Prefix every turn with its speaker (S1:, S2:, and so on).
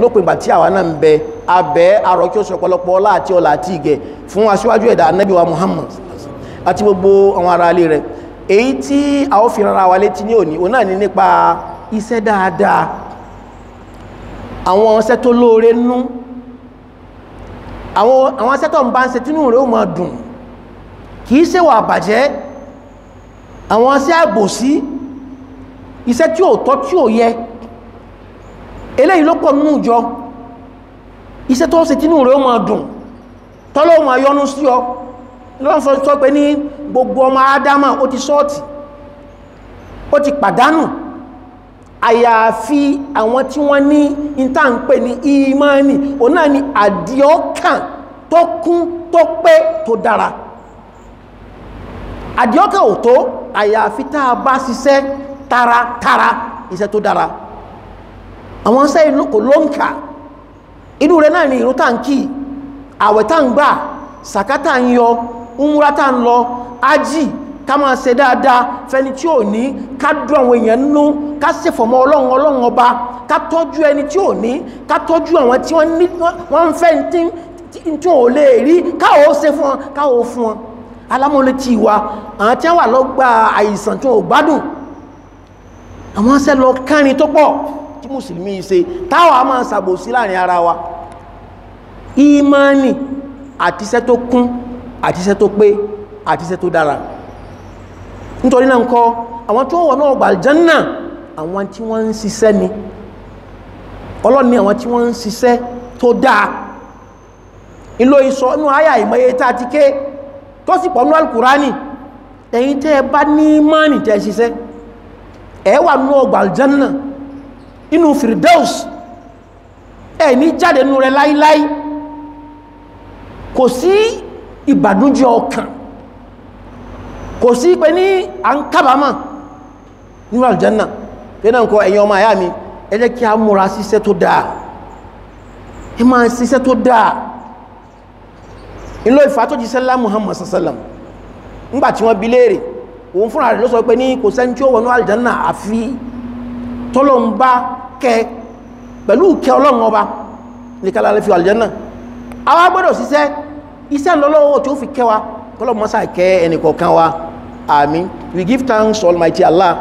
S1: lópin ìgbà tí àwa náà ń bẹ abẹ́ arọ kí ó sọ pọ̀lọpọ̀ ọlá àti ọlá àti ìgẹ̀ fún aṣíwájú ẹ̀dá Ànábì Muhammad àti gbogbo àwọn ará ilé rẹ̀ èyí tí a ó fi rárá wa létí ní òní òun náà ní nípa iṣẹ́ dáadáa àwọn iṣẹ́ tó lóore nú àwọn iṣẹ́ tó ń bá ń ṣe tínú rẹ̀ ó máa dùn kì í ṣèwà àbàjẹ́ àwọn iṣẹ́ àgbòsí iṣẹ́ tí ò tọ́ tí ò yẹ eléyìí ló pọ̀ nínú ìjọ iṣẹ́ tó ṣe tínú rẹ̀ ó máa dùn tọ́lọ́ máa yọnu sí ọ lọ́nà sọ pé ní gbogbo ọmọ ádámà ó ti sọ́ọ̀tì ó ti pàdánù àyàfi àwọn tí wọ́n ní ìtàǹpẹ̀ ní ìmáni o náà ni àdíọ́kàn tó kún tó pé tó dára àdíọ́kàn ò tó àyàfi tá ṣiṣẹ́ tara tara iṣẹ́ tó dára àwọn sẹ́ ìlú kò ló ń kà inú rẹ̀ náà ni ìrun tá ń kí àwẹ̀ tá ń gbà sàkátà ń yọ umura tá ń lọ ají ká máa ṣe dáadáa fẹni tí ò ní ká dùn àwọn èèyàn nú ká ṣèfọ̀mọ́ ọlọ́run ọlọ́run ọba ká tọ́jú ẹni tí ò ní ká tọ́jú àwọn tí wọ́n ní wọ́n fẹ́ tí ò lè rí káwọ́ ṣe fún wọn káwọ́ fún wọn alámọ́lé ti wà àwọn tí wọ́n wà lọ́gbà àìsàn tí ò gbádùn àwọn ṣe lọ kárin tó pọ̀ tí mùsùlùmí ṣe táwa máa ṣàbòsí láàrin ara wa imani àtiṣẹ́ tó kún àtiṣẹ́ tó pé àtiṣẹ́ tó dára nítorí náà ńkọ́ àwọn tí wọ́n wọ̀ náà gbàljanna àwọn tí wọ́n ń ṣiṣẹ́ ni ọlọ́ni àwọn tí wọ́n ń ṣiṣẹ́ tó dáa ìlò ìsọ inú àyà ìmọ̀ye tá a ti ké tó sì pọ̀ nú alukurani tẹ́ ẹ bá ní ìmánì tẹ́ ṣiṣẹ́ ẹ wà nú ọgbà inú firdaus ẹ̀ ní jáde nínú rẹ̀ láíláí kò sí ìbànújẹ́ ọkàn kò sí pé ní à ń kábàámọ̀ nínú àlùjànnà pẹ̀lú nǹkan ẹ̀yin ọmọ àyá mi ẹ jẹ́ kí a múra síṣẹ́ tó dáa ẹ máa síṣẹ́ tó dáa ilé ìfà tó jíṣẹ́ lá Muhammad sallam ńgbà tí wọ́n bi léèrè òun fúnra rẹ̀ ló sọ pé ní kò sẹ́ni tí ó wọnú àlùjànnà àfi tọ́lọ́mbá kẹ pẹ̀lú kẹ ọlọ́run ọba nìkan lálẹ́ fi àlùjànnà àwa gbọ́dọ̀ ṣiṣẹ́ iṣẹ́ lọ́lọ́wọ́ tí ó fi kẹ́ wa kọ́lọ́ mọ́sá kẹ́ ẹnìkọ̀ọ̀kan wa àmín we give thanks almighty Allah